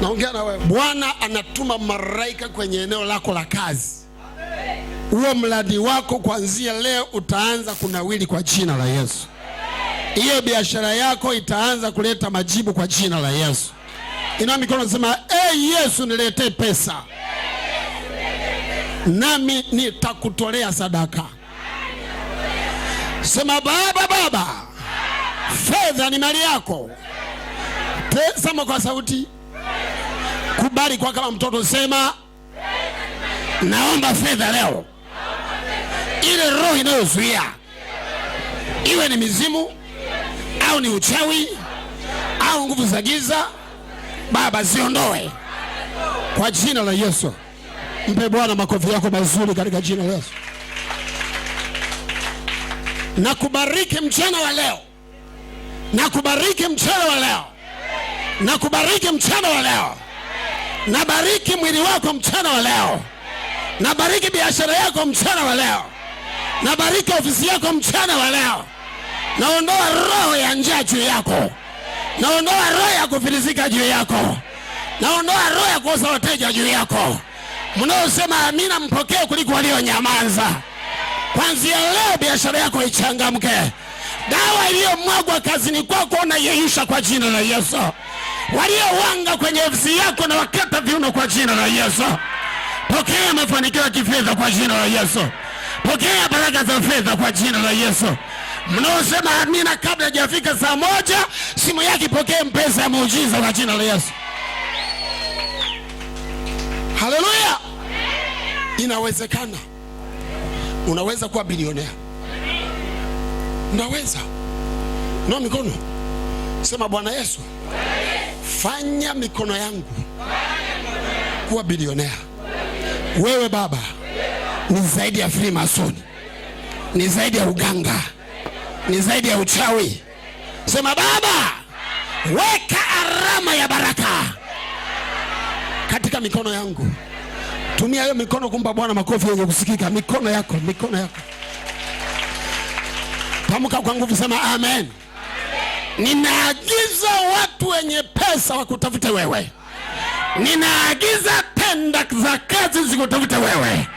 Naongea na wewe. Bwana anatuma maraika kwenye eneo lako la kazi. Huo mradi wako kuanzia leo utaanza kunawili kwa jina la Yesu. Hiyo biashara yako itaanza kuleta majibu kwa jina la Yesu. Inaa mikono nasema, hey, Yesu niletee pesa nami nitakutolea sadaka. Sema, Baba, Baba, fedha ni mali yako. Sema kwa sauti kukubali kwa kama mtoto, sema naomba fedha leo. Ile roho inayozuia iwe ni mizimu au ni uchawi au nguvu za giza, Baba ziondoe kwa jina la Yesu. Mpe Bwana makofi yako mazuri katika jina la Yesu. Nakubariki mchana wa leo, nakubariki mchana wa leo, nakubariki mchana wa leo. Nabariki mwili wako mchana wa leo, nabariki biashara yako mchana wa leo, nabariki ofisi yako mchana wa leo. Naondoa roho ya njaa juu yako, naondoa roho ya kufilisika juu yako, naondoa roho ya kuosa wateja juu yako. Mnaosema amina mpokee kuliko walionyamaza. Kwanzia leo biashara yako ichangamke. Dawa iliyomwagwa kazini kwako na yeyusha kwa jina la Yesu waliowanga kwenye ofisi yako na wakata viuno kwa jina la Yesu. Pokea mafanikio ya kifedha kwa jina la Yesu. Pokea baraka za fedha kwa jina la Yesu. Mnaosema amina kabla hajafika saa moja, simu yake ipokee mpesa ya muujiza kwa jina la Yesu. Haleluya! Inawezekana, unaweza kuwa bilionea, unaweza. Inua mikono, sema Bwana Yesu, fanya mikono yangu kuwa bilionea. Wewe Baba ni zaidi ya Freemason, ni zaidi ya uganga, ni zaidi ya uchawi. Sema Baba, weka alama ya baraka katika mikono yangu. Tumia hiyo mikono kumpa Bwana makofi yenye kusikika. Mikono yako, mikono yako, tamka kwa nguvu, sema amen. Ninaagiza watu wenye pesa wakutafute wewe. Ninaagiza tenda za kazi zikutafute wewe.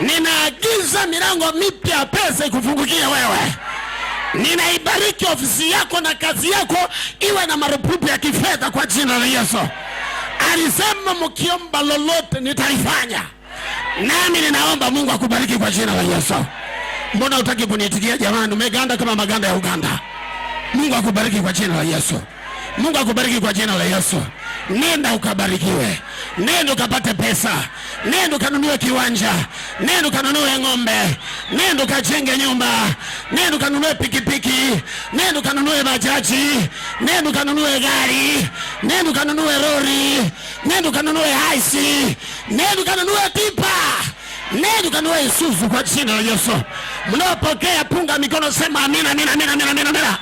Ninaagiza milango mipya ya pesa ikufungukie wewe. Ninaibariki ofisi yako na kazi yako iwe na marupupu ya kifedha kwa jina la Yesu. Alisema mkiomba lolote nitaifanya, nami ninaomba Mungu akubariki kwa jina la Yesu. Mbona utaki kuniitikia jamani? Umeganda kama maganda ya Uganda. Mungu akubariki kwa jina la Yesu. Mungu akubariki kwa jina la Yesu. Nenda ukabarikiwe, nenda ukapate pesa, nenda ukanunue kiwanja, nenda ukanunue ng'ombe, nenda ukajenge nyumba, nenda ukanunue pikipiki, nenda ukanunue bajaji, nenda ukanunue gari, nenda ukanunue lori, nenda ukanunue haisi, nenda ukanunue pipa, nenda ukanunue Isuzu kwa jina la Yesu. Mnaopokea punga mikono, sema amina, amina, amina, amina, amina.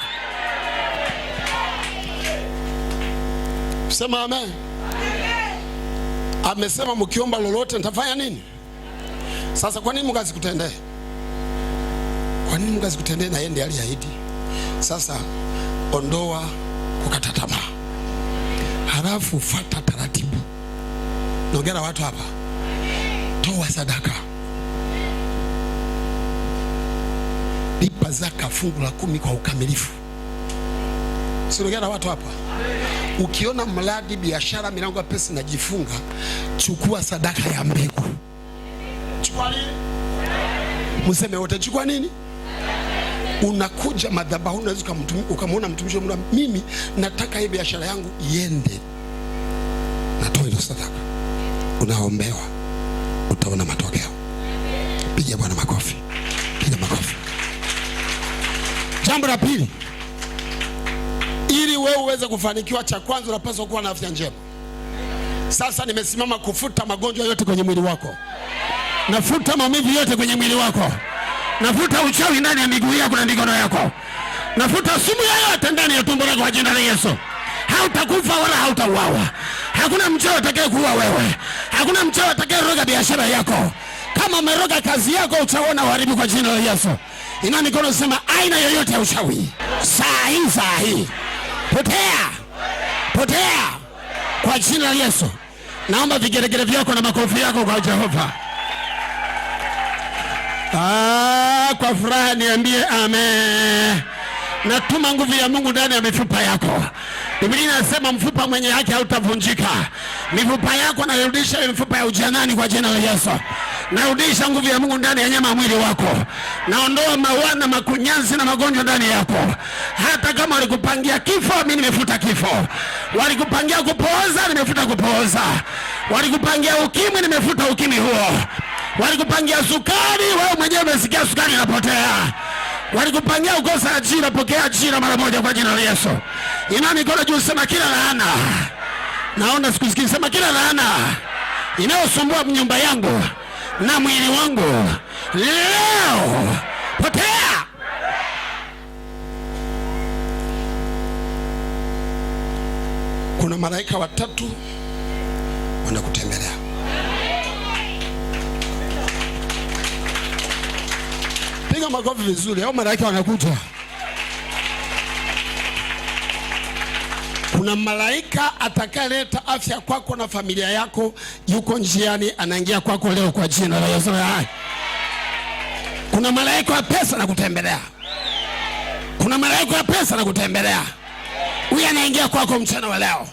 Sema amen. Amesema mkiomba lolote nitafanya nini? Sasa kwa nini Mungu azikutendee? Kwa nini Mungu azikutendee na yeye ndiye aliahidi? Sasa ondoa kukata tamaa, halafu fuata taratibu. Naongea na watu hapa, toa sadaka, lipa zaka, fungu la kumi kwa ukamilifu. Sinaongea na watu hapa. Ukiona mradi biashara milango ya pesa inajifunga, chukua sadaka ya mbegu. Chukua nini? Mseme wote, chukua nini? Unakuja madhabahu, unaweza ukamwona mtumishi wa Mungu, mimi nataka hii biashara yangu iende, natoa ile sadaka, unaombewa, utaona matokeo. Piga Bwana makofi, piga makofi. Jambo la pili uweze kufanikiwa, cha kwanza unapaswa kuwa na afya njema. Sasa nimesimama kufuta magonjwa yote kwenye mwili wako, nafuta maumivu yote kwenye mwili wako, nafuta uchawi ndani ya miguu yako na mikono yako, nafuta sumu yoyote ndani ya tumbo lako kwa jina la Yesu. Hautakufa wala hautauawa. Hakuna mchawi atakaye kuua wewe, hakuna mchawi atakaye roga biashara yako. Kama umeroga kazi yako, utaona uharibu kwa jina la Yesu. Ina mikono sema aina yoyote ya ushawi saa hii, saa hii Potea, potea kwa jina la Yesu. Naomba vigeregere vyako na makofi yako kwa Jehova. Ah, kwa furaha niambie amen. Natuma nguvu ya Mungu ndani ya mifupa yako. Biblia inasema mfupa mwenye haki hautavunjika. Mifupa yako nairudisha mifupa ya ujanani kwa jina la Yesu. Narudisha nguvu ya Mungu ndani ya nyama ya mwili wako. Naondoa mawana, makunyanzi na magonjwa ndani yako. Hata kama walikupangia kifo, mimi nimefuta kifo. Walikupangia kupooza, nimefuta kupooza. Walikupangia ukimwi, nimefuta ukimwi huo. Walikupangia sukari, wewe mwenyewe umesikia sukari inapotea. Walikupangia ukosa ajira, pokea ajira mara moja kwa jina la Yesu. Inua mikono juu, sema kila laana. Naona sikusikii, sema kila laana inayosumbua nyumba yangu na mwili wangu leo potea. Kuna malaika watatu wanakutembelea. Piga makofi vizuri, au malaika wanakuja. Kuna malaika atakayeleta afya kwako na familia yako yuko njiani, anaingia kwako leo kwa jina la Yesu. Kuna malaika wa pesa na kutembelea, kuna malaika wa pesa na kutembelea, huyu anaingia kwako mchana wa leo.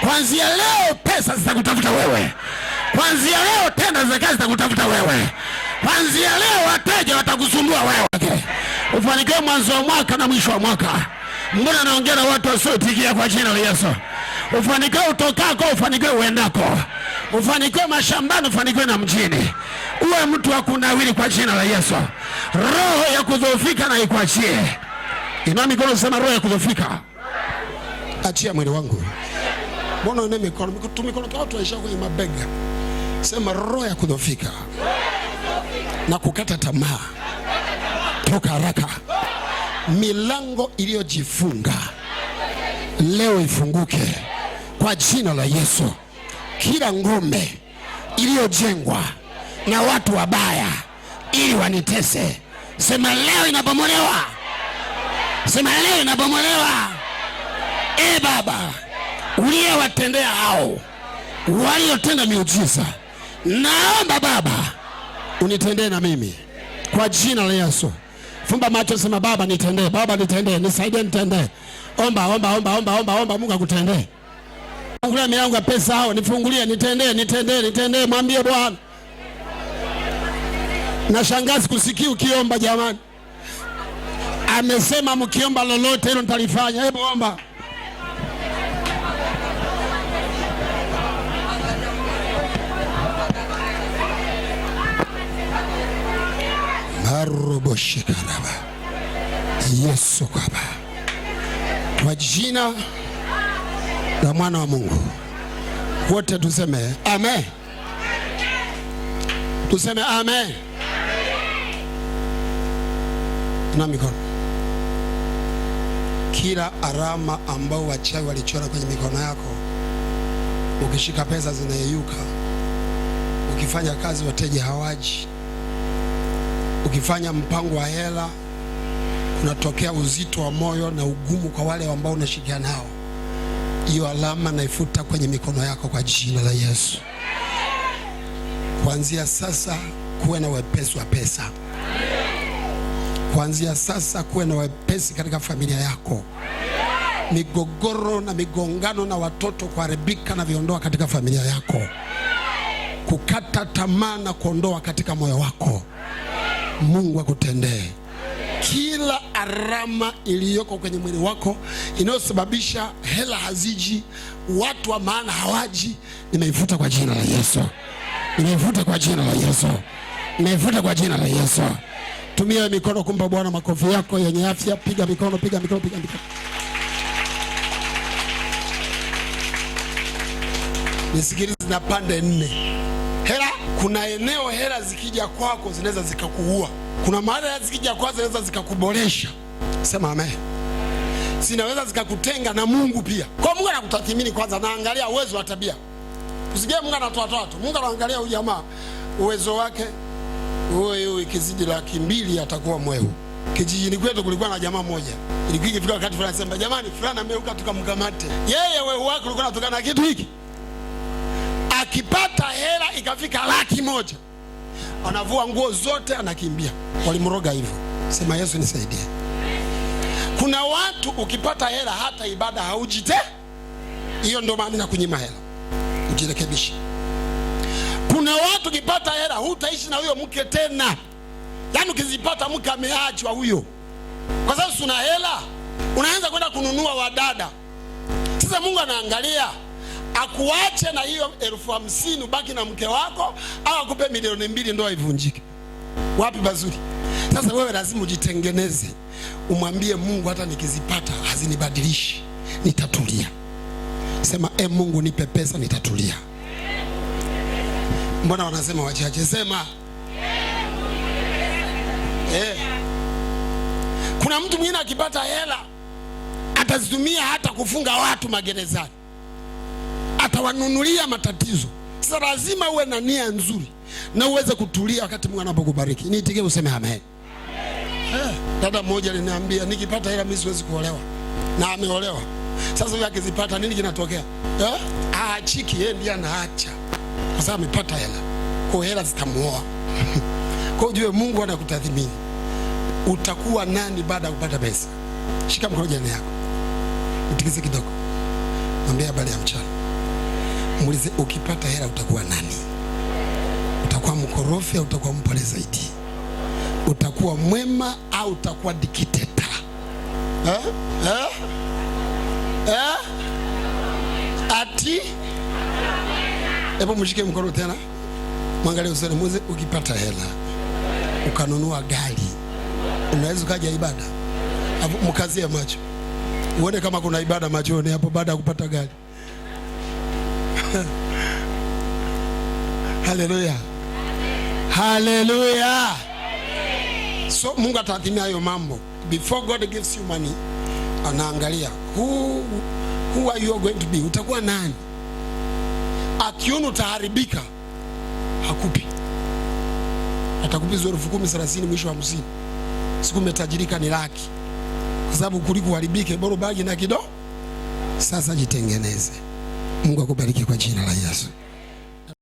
Kuanzia leo pesa zitakutafuta wewe, kuanzia leo tenda za kazi zitakutafuta wewe, kuanzia leo wateja watakusumbua wewe. Okay. Ufanikiwe mwanzo wa mwaka na mwisho wa mwaka. Mbona naongea na watu wasiotikia kwa jina la Yesu? Ufanikiwe utokako, ufanikiwe uendako, ufanikiwe mashambani, ufanikiwe na mjini. Uwe mtu wa kunawili kwa jina la Yesu. Roho ya kudhoofika na ikuachie. Inua mikono sema, roho ya kudhoofika, achia mwili wangu. Mbona una mikono tu, mikono kwa watu waisha kwenye mabega. Sema, roho ya kudhoofika na kukata tamaa, toka haraka. Milango iliyojifunga leo ifunguke kwa jina la Yesu. Kila ngome iliyojengwa na watu wabaya ili wanitese, sema leo inabomolewa, sema leo inabomolewa. E Baba uliyewatendea hao waliotenda miujiza, naomba Baba unitendee na mimi kwa jina la Yesu. Fumba macho, sema Baba nitendee, Baba nitendee, nisaidie, nitendee. Omba, omba, omba, omba, omba, omba Mungu akutendee. Fungulia milango ya pesa hao, nifungulie, nitendee, nitendee, nitendee, mwambie Bwana. Nashangaa sikusikii ukiomba jamani. Amesema mkiomba lolote hilo nitalifanya. Hebu omba. maroboshikaraba Yesu kwa jina la mwana wa Mungu. Wote tuseme amen, tuseme amen na mikono. Kila alama ambao wachawi walichora kwenye mikono yako, ukishika pesa zinayeyuka, ukifanya kazi wateja hawaji, ukifanya mpango wa hela unatokea uzito wa moyo na ugumu kwa wale ambao unashikia nao hiyo alama naifuta kwenye mikono yako kwa jina la Yesu. Kuanzia sasa kuwe na wepesi wa pesa. Kuanzia sasa kuwe na wepesi katika familia yako. Migogoro na migongano na watoto kuharibika na viondoa katika familia yako. Kukata tamaa na kuondoa katika moyo wako. Mungu akutendee kila gharama iliyoko kwenye mwili wako inayosababisha hela haziji, watu wa maana hawaji, nimeivuta kwa jina la Yesu, nimeivuta kwa jina la Yesu, nimeivuta kwa jina la Yesu. Tumia mikono kumpa Bwana makofi yako yenye afya. Piga mikono, piga mikono, piga mikono. Nisikilize na pande nne kuna eneo hela zikija kwako zinaweza zikakuua, kuna mahali hela zikija kwako zinaweza zikakuboresha. Sema amen. Zinaweza zikakutenga na Mungu pia. Kwa Mungu anakutathimini kwanza, naangalia uwezo wa tabia. Usikie Mungu anatoa toa tu, Mungu anaangalia huyu jamaa uwezo wake. Huyu ikizidi laki mbili atakuwa mwehu. Kijijini kwetu kulikuwa na jamaa moja, ilikuwa ikifika wakati fulani, sema jamani, fulani ameuka, tukamkamate yeye. Wewe wako ulikuwa unatokana na kitu hiki akipata hela ikafika laki moja anavua nguo zote anakimbia. Walimroga hivyo, sema Yesu nisaidie. Kuna watu ukipata hela hata ibada haujite, hiyo ndio maana nakunyima hela, ujirekebishe. Kuna watu ukipata hela hutaishi na huyo mke tena, yaani ukizipata mke ameachwa huyo, kwa sababu una hela unaanza kwenda kununua wadada. Sasa Mungu anaangalia akuache na hiyo elfu hamsini ubaki na mke wako, au akupe milioni mbili ndoa ivunjike? Wapi pazuri? Sasa wewe lazima ujitengeneze, umwambie Mungu, hata nikizipata hazinibadilishi, nitatulia. Sema e, Mungu nipe pesa, nitatulia. Mbona wanasema wachache? Sema eh. Kuna mtu mwingine akipata hela atazitumia hata kufunga watu magerezani utawanunulia matatizo. Sasa lazima uwe na nia nzuri na uweze kutulia wakati Mungu anapokubariki. Niitikie useme amen. Eh, dada mmoja aliniambia nikipata hela mimi siwezi kuolewa, na ameolewa. Sasa huyo akizipata nini kinatokea? Eh, aachiki yeye ndiye anaacha kwa sababu amepata hela, kwa hela zitamuoa. Kwa ujue Mungu anakutathimini utakuwa nani baada ya kupata pesa. Shika mkono jirani yako, itikise kidogo, mwambie habari ya mchana. Muulize, ukipata hela utakuwa nani? Utakuwa mkorofi au utakuwa mpole zaidi? Utakuwa mwema au utakuwa dikiteta eh? Eh? Eh? Ati hebu mshike mkono tena, mwangalie usoni, muulize, ukipata hela ukanunua gari, unaweza ukaja ibada? Mkazie macho uone kama kuna ibada machoni hapo baada ya kupata gari. Haleluya, haleluya. So Mungu atatimia hayo mambo. Before God gives you money, anaangalia who, who are you going to be, utakuwa nani. Akiona utaharibika hakupi, atakupi elfu kumi, thelathini, mwisho wa hamsini. Siku umetajirika ni laki, kwa sababu kuliko uharibike bora ubaki na kidogo. Sasa jitengeneze. Mungu akubariki kwa jina la Yesu.